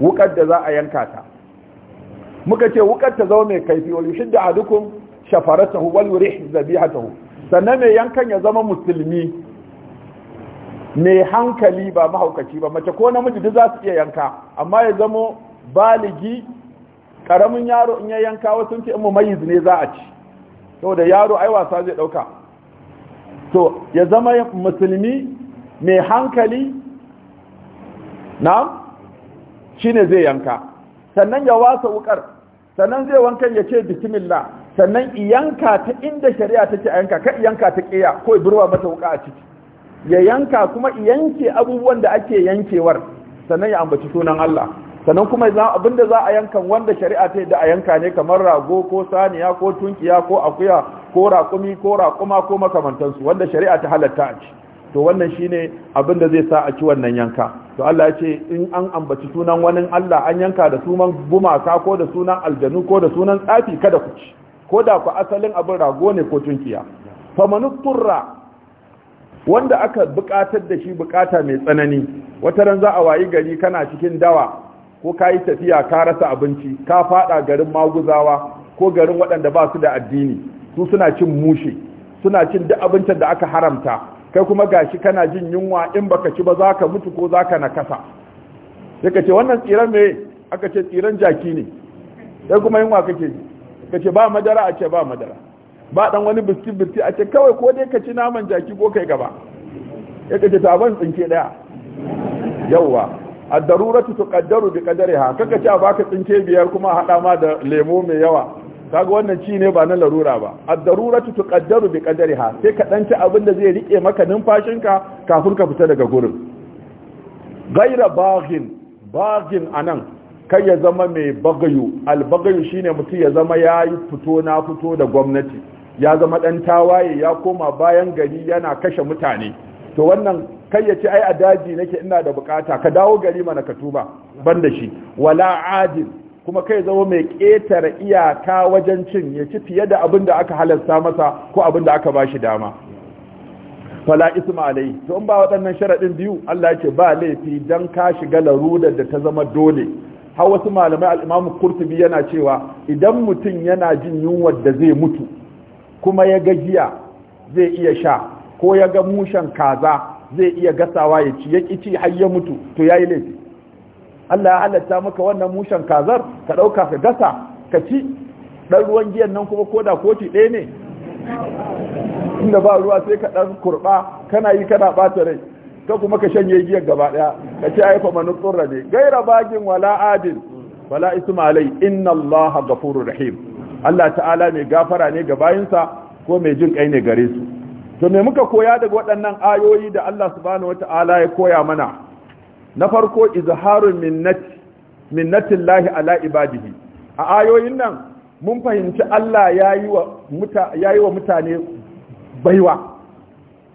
wukar da za a yanka ta muka ce wukar ta zama mai kaifi wal yushidda adukum shafaratahu wal yurih zabihatahu sannan mai yankan ya zama musulmi mai hankali ba mahaukaci ba mace ko namiji duk za su iya yanka amma ya zama baligi karamin yaro in ya yanka wasu ce in mumayyiz ne za a ci saboda yaro ai wasa zai dauka to ya zama musulmi mai hankali na'am Shi ne zai yanka sannan ya wasa wukar sannan zai wankan ya ce bismillah sannan iyanka ta inda shari'a take a yanka ka iyanka ta ƙiya ko burwa mata wuka a ciki ya yanka kuma yanke abubuwan da ake yankewar sannan ya ambaci sunan Allah sannan kuma abinda za a yankan wanda shari'a ta da a yanka ne kamar rago ko saniya ko tunkiya ko akuya ko raƙumi ko raƙuma ko makamantansu wanda shari'a ta halatta a ciki to wannan shine abin da zai sa a ci wannan yanka to Allah ya ce in an ambaci sunan wani Allah an yanka da sunan gumaka ko da sunan aljanu ko da sunan tsafi kada ku ci ko da ku asalin abin rago ne ko tunkiya manuturra wanda aka bukatar da shi bukata mai tsanani wata ran za a wayi gari kana cikin dawa ko kayi tafiya ka rasa abinci ka fada garin maguzawa ko garin waɗanda ba su da addini su suna cin mushe suna cin duk abincin da aka haramta kai kuma gashi kana jin yunwa in baka ci ba zaka mutu ko zaka nakasa sai kace ce wannan tsiran me aka ce tsiran jaki ne sai kuma yunwa kake ji kace ce ba madara a ce ba madara ba dan wani biskit biskit a ce kawai ko dai ka ci naman jaki ko kai gaba sai kace ce ta ban tsinke daya yawa ad-daruratu tuqaddaru bi qadariha kaka ce a baka tsinke biyar kuma hada ma da lemo mai yawa kaga wannan ci ne ba na larura ba ad-daruratu tuqaddaru bi qadariha sai ka danci abin da zai rike maka numfashinka kafin ka fita daga gurin gaira baghin baghin anan kai ya zama mai bagayu albagayu shine mutum ya zama yayi fito na fito da gwamnati ya zama dan tawaye ya koma bayan gari yana kashe mutane to wannan kai ya ci, ai a daji nake ina da bukata ka dawo gari mana ka tuba ban da shi wala adil kuma kai zama mai ƙetare iyaka wajen cin ya ci fiye da abin da aka halarta masa ko abin da aka ba shi dama fala isma to in ba waɗannan sharaɗin biyu Allah yake ba laifi dan ka shiga larudar da ta zama dole har wasu malamai al kurtubi yana cewa idan mutum yana jin yunwar da zai mutu kuma ya ga giya zai iya sha ko ya ga mushan kaza zai iya gasawa ya ci ya ci har ya mutu to yayi laifi Allah ya halatta maka wannan mushen kazar ka ɗauka ka gasa ka ci ɗan ruwan giyan nan kuma koda kotu ɗaya ne inda ba ruwa sai ka dan kurɓa kana yi kana bata rai ka kuma ka shanye giyan gaba ɗaya ka ce ai fa manu tsurra ne gaira bagin wala adin wala isma alai inna Allah ghafurur rahim Allah ta'ala mai gafara ne ga bayinsa ko mai jin kai ne gare su to me muka koya daga waɗannan ayoyi da Allah subhanahu wata'ala ya koya mana na farko izharun minnati minnatin ala ibadihi a ayoyin nan mun fahimci Allah ya yi wa mutane baiwa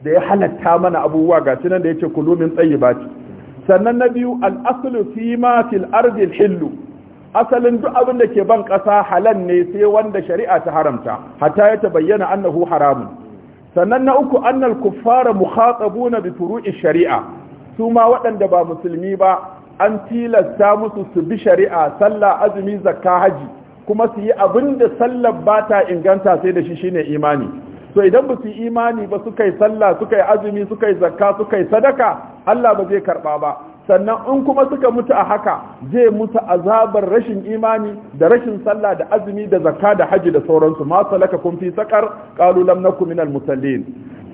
da ya halatta mana abubuwa ga nan da yace ce kulumin tsayi baci sannan na biyu al'asulu fi ma fil ardil hillu asalin duk abin da ke ban ƙasa halal ne sai wanda shari'a ta haramta hatta ya tabayyana annahu haramun sannan na uku annal kuffara mukhatabuna bi furu'i shari'a su ma waɗanda ba musulmi ba an tilasta musu su bi shari'a sallah azumi zakka haji kuma su yi abin da sallar ba ta inganta sai da shi shine imani to idan ba su imani ba suka yi sallah suka yi azumi suka yi zakka suka yi sadaka Allah ba zai karba ba sannan in kuma suka mutu a haka zai mutu azabar rashin imani da rashin sallah da azumi da zakka da haji da sauransu ma salaka kun fi sakar qalu lam nakum minal musallin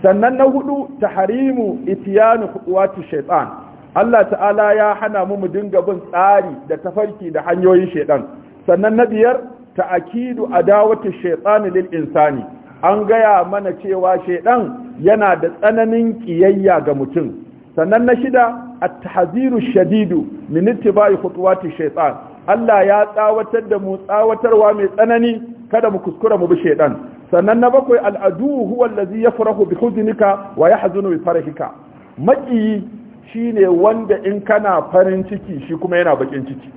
sannan na hudu tahrimu itiyanu khutuwati shaytan Allah ta'ala ya hana mu mu dinga bin tsari da tafarki da hanyoyin shaytan sannan na biyar ta'akidu adawati shaytan lil insani an gaya mana cewa shaytan yana da tsananin kiyayya ga mutum sannan na shida at-tahziru shadidu min ittiba'i khutuwati shaytan Allah ya tsawatar da mu tsawatarwa mai tsanani kada mu kuskura mu bi shaytan sannan na bakwai al-adu huwa allazi yafrahu bi huznika wa yahzunu bi farahika maƙiyi shine wanda in kana farin ciki shi kuma yana bakin ciki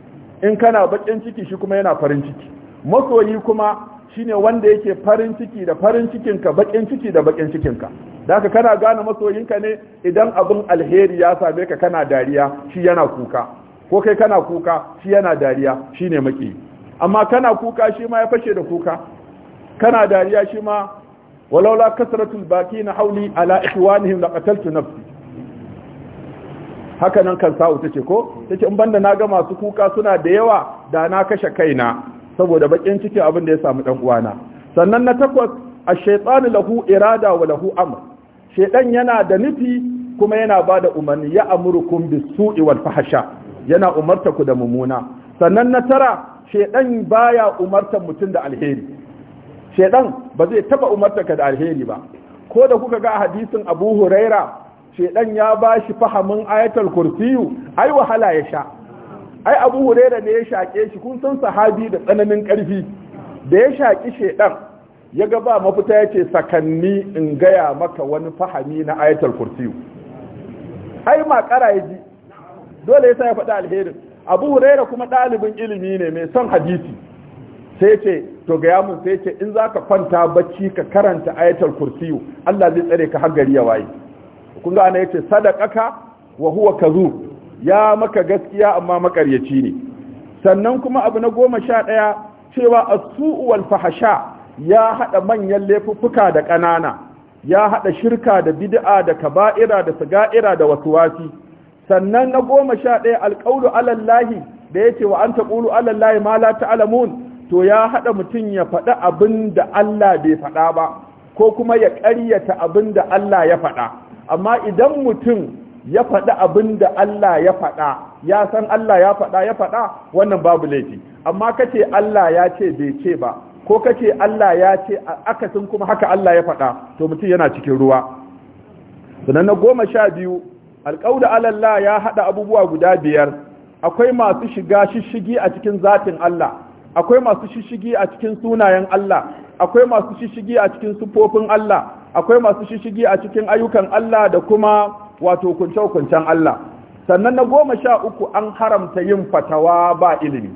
in kana bakin ciki shi kuma yana farin ciki masoyi kuma shine wanda yake farin ciki da farin cikinka bakin ciki da bakin cikinka da haka kana gane masoyinka ne idan abin alheri ya same ka kana dariya shi yana kuka ko kai kana kuka shi yana dariya shi ne maki amma kana kuka shi ma ya fashe da kuka kana dariya shi ma walaula kasratul baqina hauli ala ihwanihim laqataltu nafsi haka nan kan sa'u tace ko tace in banda na ga masu kuka suna da yawa da na kashe kaina saboda bakin ciki abin da ya samu dan uwana sannan na takwas ash-shaytanu lahu irada wa lahu amr shaytan yana da nufi kuma yana bada umarni ya amurukum bis wal fahsha yana umarta ku da mumuna sannan na tara shaytan baya umarta mutum da alheri shaytan ba zai taba umartaka da alheri ba ko da kuka ga hadisin Abu Huraira shaytan ya bashi fahamin ayatul kursiyu ai wahala ya sha ai abu huraira ne ya shaƙe shi kun san sahabi da tsananin ƙarfi da ya shaƙi shaidan ya ga ba mafita ya ce sakanni in gaya maka wani fahami na ayatul kursiyu ai makara ya ji dole ya sa ya faɗi alherin abu huraira kuma ɗalibin ilimi ne mai son hadisi sai ce to gaya mun sai ce in za ka kwanta bacci ka karanta ayatul kursiyu Allah zai tsare ka har gari ya waye kun ga ana yace sadaqaka wa huwa kazub ya maka gaskiya amma makaryaci ne sannan kuma abu na goma sha ɗaya cewa a wal fahasha ya haɗa manyan laifuffuka da ƙanana ya haɗa shirka da bid'a da kaba'ira da saga'ira da wasu wasi, sannan na goma sha ɗaya alƙawlu alallahi da yace wa an taqulu alallahi ma la ta'lamun to ya haɗa mutum ya faɗa abin da Allah bai faɗa ba ko kuma ya ƙaryata abin da Allah ya faɗa amma idan mutum ya faɗi abin da Allah ya faɗa ya san Allah ya faɗa ya faɗa wannan babu laifi amma kace Allah ya ce bai ce ba ko kace Allah ya ce akasin kuma haka Allah ya faɗa to mutum yana cikin ruwa sannan na goma sha biyu da alallah ya haɗa abubuwa guda biyar akwai masu shiga shishigi a cikin zatin Allah akwai masu shishigi a cikin sunayen Allah akwai masu shishigi a cikin sufofin Allah akwai masu shishigi a cikin ayyukan Allah da kuma wato kunce-kuncen Allah sannan na goma sha uku an haramta yin fatawa ba ilimi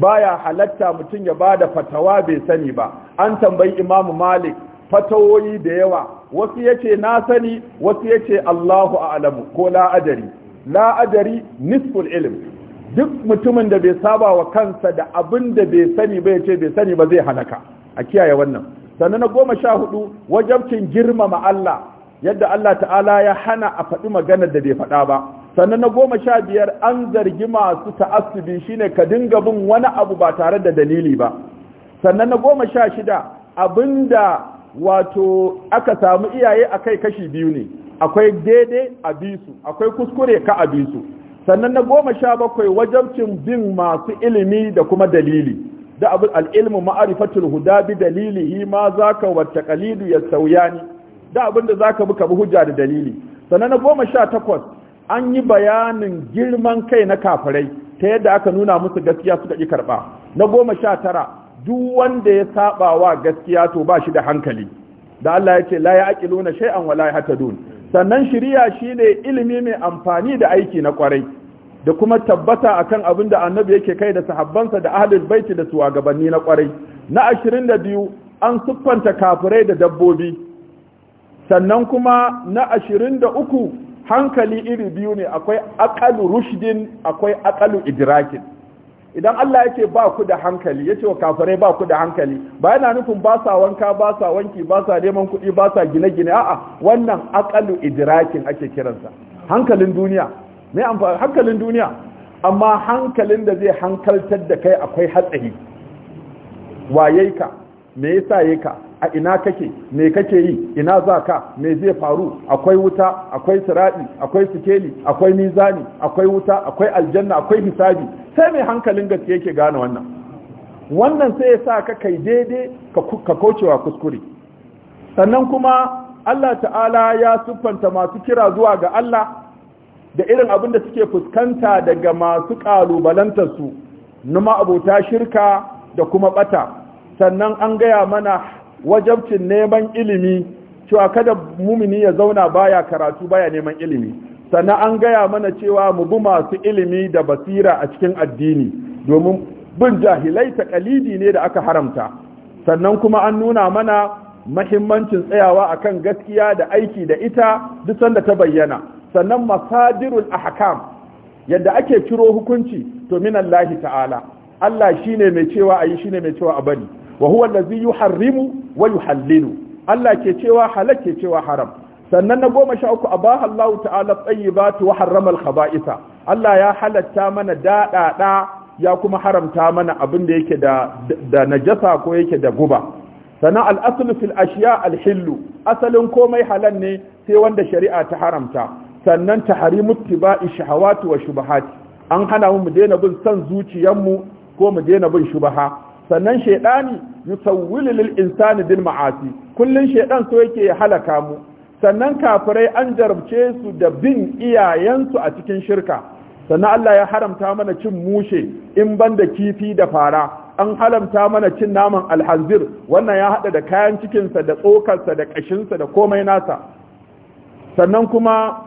baya halatta mutum ya bada fatawa bai sani ba an tambayi imamu malik fatawoyi da yawa wasu yace na sani wasu yace allahu a'lamu ko la'adari la'adari nisful ilim duk mutumin da bai saba wa kansa da abin da bai sani ba ya ce bai sani ba zai halaka a kiyaye wannan sannan na goma sha hudu wajabcin girmama Allah yadda Allah ta'ala ya hana a faɗi maganar da bai faɗa ba sannan na goma sha biyar an zargi masu ta'assubi shine ka dinga bin wani abu ba tare da dalili ba sannan na goma sha shida abinda wato aka samu iyaye a kai kashi biyu ne akwai daidai a bisu akwai kuskure ka a bisu sannan na goma sha bakwai wajabcin bin masu ilimi da kuma dalili da abu al'ilmu ma'arifatul huda bi dalilihi ma zaka wacce kalidu ya sauya ni. da abin da zaka bi ka bi hujja da dalili sannan na goma sha takwas an yi bayanin girman kai na kafirai ta yadda aka nuna musu gaskiya suka ƙi karɓa na goma sha tara duk wanda ya saɓa wa gaskiya to ba shi da hankali da Allah ya ce la ya an shay'an wa la yahtadun sannan shiriya shine ilimi mai amfani da aiki na kwarai da kuma tabbata a kan abin da annabi yake kai da sahabbansa da ahlul baiti da gabanni na kwarai na ashirin da biyu an siffanta kafirai da dabbobi sannan kuma na ashirin da uku hankali iri biyu ne akwai akalu rushdin akwai akalu idrakin idan Allah yake ba ku da hankali yace wa kafirai ba ku da hankali ba yana nufin ba sa wanka ba sa wanki ba sa neman kuɗi ba sa gine-gine a'a wannan akalu idrakin ake kiransa hankalin duniya me amfani hankalin duniya amma hankalin da zai hankaltar da kai akwai hatsari waye ka me yasa yake a ina kake me kake yi ina za ka me zai faru akwai wuta akwai siradi akwai sikeli akwai mizani akwai wuta akwai aljanna akwai hisabi sai mai hankalin gaske yake gane wannan wannan sai ya sa ka kai daidai ka kaucewa kuskure sannan kuma Allah ta'ala ya siffanta masu kira zuwa ga Allah da irin abin da suke fuskanta daga masu ƙalubalantarsu na abota shirka da kuma ɓata sannan an gaya mana wajabcin neman ilimi cewa kada mumini ya zauna baya karatu baya neman ilimi sannan an gaya mana cewa mu bi masu ilimi da basira a cikin addini domin bin jahilai ta kalidi ne da aka haramta sannan kuma an nuna mana mahimmancin tsayawa akan gaskiya da aiki da ita duk sanda ta bayyana sannan masadirul ahkam yadda ake ciro hukunci to min Allah ta'ala Allah shine mai cewa ayi shine mai cewa a bari wa huwa allazi yuharrimu wa yuhallilu Allah ke cewa halal ke cewa haram sannan na goma sha uku abaha Allah ta'ala bata wa harrama al-khaba'itha Allah ya halatta mana daɗaɗa ya kuma haramta mana abin da yake da da najasa ko yake da guba sannan al-aslu fil ashiya al-hillu asalin komai halal ne sai wanda shari'a ta haramta sannan tahrimu tibai shahawati wa shubahati an hana mu mu daina bin son zuciyarmu ko mu daina bin shubaha sannan shaidani yusawwilu lil insani bil ma'asi kullun shaidan so yake ya halaka mu sannan kafirai an jarumce su da bin iyayensu a cikin shirka sannan Allah ya haramta mana cin mushe in banda kifi da fara an haramta mana cin naman alhanzir wannan ya hada da kayan cikinsa da tsokarsa da kashinsa da komai nasa sannan kuma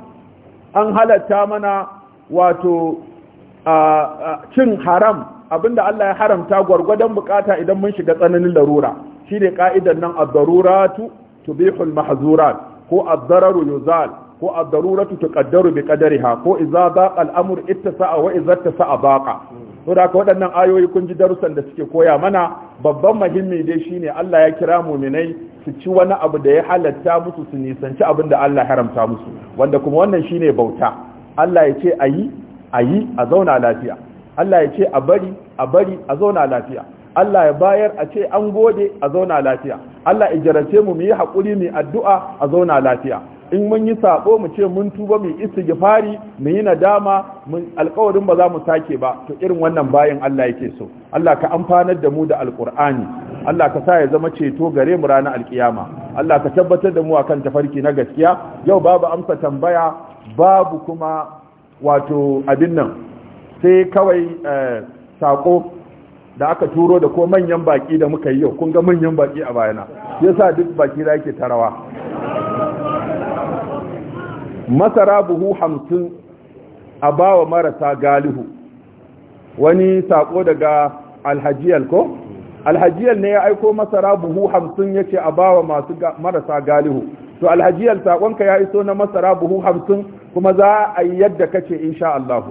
an halatta mana wato cin haram abinda Allah ya haramta gwargwadon bukata idan mun shiga tsananin larura shine ka'idan nan ad-daruratu tubihu al-mahzurat ko ad-dararu yuzal ko ad-daruratu tuqaddaru bi qadariha ko idza baqa al-amru ittasa'a wa idza ittasa'a baqa to da ka waɗannan ayoyi kun ji darussan da suke koya mana babban muhimmi dai shine Allah ya kira muminai su ci wani abu da ya halatta musu su nisanci abin da Allah haramta musu wanda kuma wannan shine bauta Allah ya ce ayi a yi a zauna lafiya Allah ya ce a bari a bari a zauna lafiya Allah ya bayar a ce an gode a zauna lafiya Allah ya jarace mu mu yi haƙuri mu addu'a a zauna lafiya in mun yi sabo mu ce mun tuba mu istighfari mu yi nadama mun alƙawarin ba za mu sake ba to irin wannan bayan Allah yake so Allah ka amfanar da mu da alƙur'ani Allah ka sa ya zama ceto gare mu ranar alkiyama Allah ka tabbatar da mu akan tafarki na gaskiya yau babu amsa tambaya babu kuma wato abin nan sai kawai eh, sako da aka turo da ko manyan baki da muka yi yau kun ga manyan baki a bayana sa duk baki da yake tarawa masara buhu hamsin a bawa marasa galihu wani sako daga alhajiyar ko alhajiyar ne ya aiko masara buhu hamsin ya ce a bawa marasa galihu to alhajiyar sakonka ya iso na masara buhu hamsin kuma za a yi yadda kace insha Allah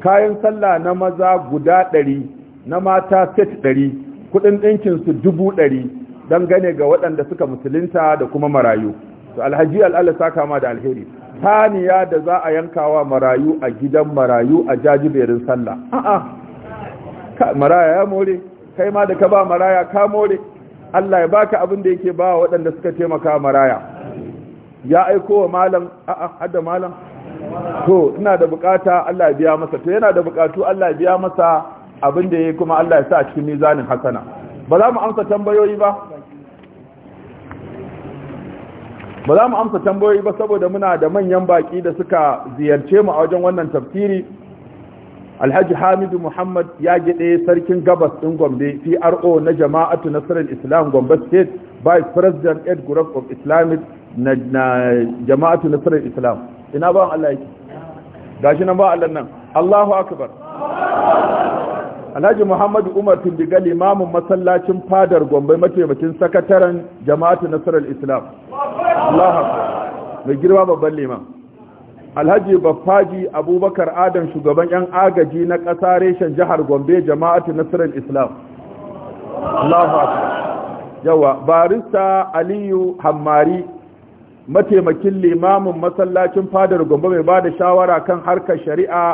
kayan sallah na maza guda ɗari na mata set ɗari kuɗin ɗinkin su dubu ɗari don gane ga waɗanda suka musulunta da kuma marayu to alhaji al'ala sa kama da alheri taniya da za a yankawa marayu a gidan marayu a jajiberin sallah a'a maraya ya more kai ma da ka ba maraya ka more Allah ya baka abin da yake ba waɗanda suka taimaka maraya ya aiko wa malam a'a hada malam to ina da bukata Allah ya biya masa to yana da bukatu Allah ya biya masa abin da yayi kuma Allah ya sa cikin mizanin hasana ba za mu amsa tambayoyi ba ba za mu amsa tambayoyi ba saboda muna da manyan baki da suka ziyarce mu a wajen wannan tafsiri Alhaji Hamidu Muhammad ya gide sarkin gabas ɗin Gombe PRO na Jama'atu Nasarar Islam Gombe State Vice President Ed Group of Islamic na jama'atu nasarar islam ina ba Allah yake gashi nan ba Allah nan Allahu akbar Alhaji Muhammadu Umar Tindigal limamin masallacin fadar Gombe mataimakin sakataren jama'atu nasarar islam
Allahu
akbar mai girma babban liman Alhaji Baffaji Abubakar Adam shugaban yan agaji na ƙasa reshen jihar Gombe jama'atu nasarar islam Allahu akbar yawa barista Aliyu Hammari mataimakin limamin masallacin fadar gombe mai ba da shawara kan harkar shari'a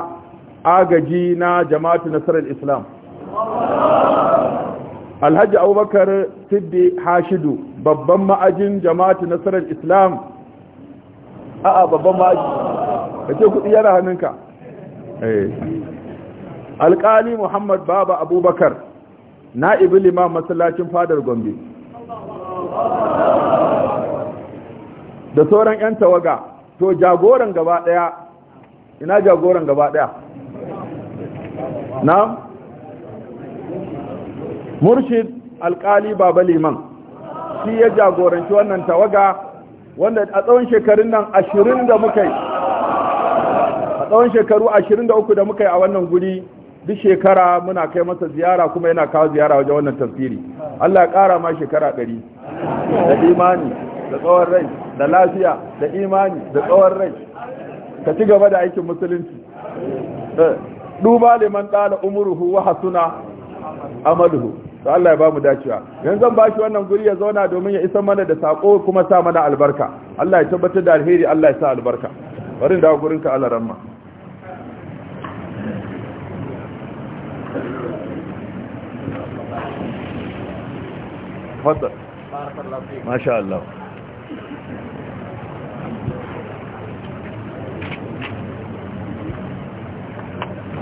agaji na jama'atu nasarar islam alhaji abubakar siddi hashidu babban ma'ajin jama'atu nasarar islam a'a babban ma'ajin? da ce kudi yana hannunka eh. alkali muhammad baba abubakar ibi Limamin masallacin fadar gombe da sauran 'yan tawaga to jagoran gaba daya ina jagoran gaba daya na murshid alkali baba liman shi ya jagoranci wannan tawaga wanda a tsawon shekarun nan ashirin da muka yi a tsawon shekaru ashirin da uku da muka yi a wannan guri duk shekara muna kai masa ziyara kuma yana kawo ziyara wajen wannan tafsiri Allah ya ƙara ma shekara ɗari da imani da tsawon rai da lafiya da imani da tsawon rai ka ci gaba da aikin musulunci eh, duba liman ɗala umuruhu wa hasuna amaluhu to Allah ya ba mu dacewa yanzu zan bashi wannan guri ya zauna domin ya isa mana da sako kuma sa mana albarka Allah ya tabbatar da alheri Allah ya sa albarka bari da gurin ka Allah ramma fadda
masha Allah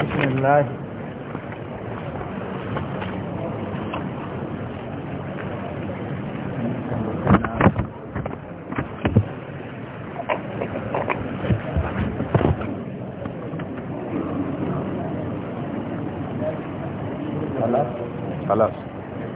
بسم الله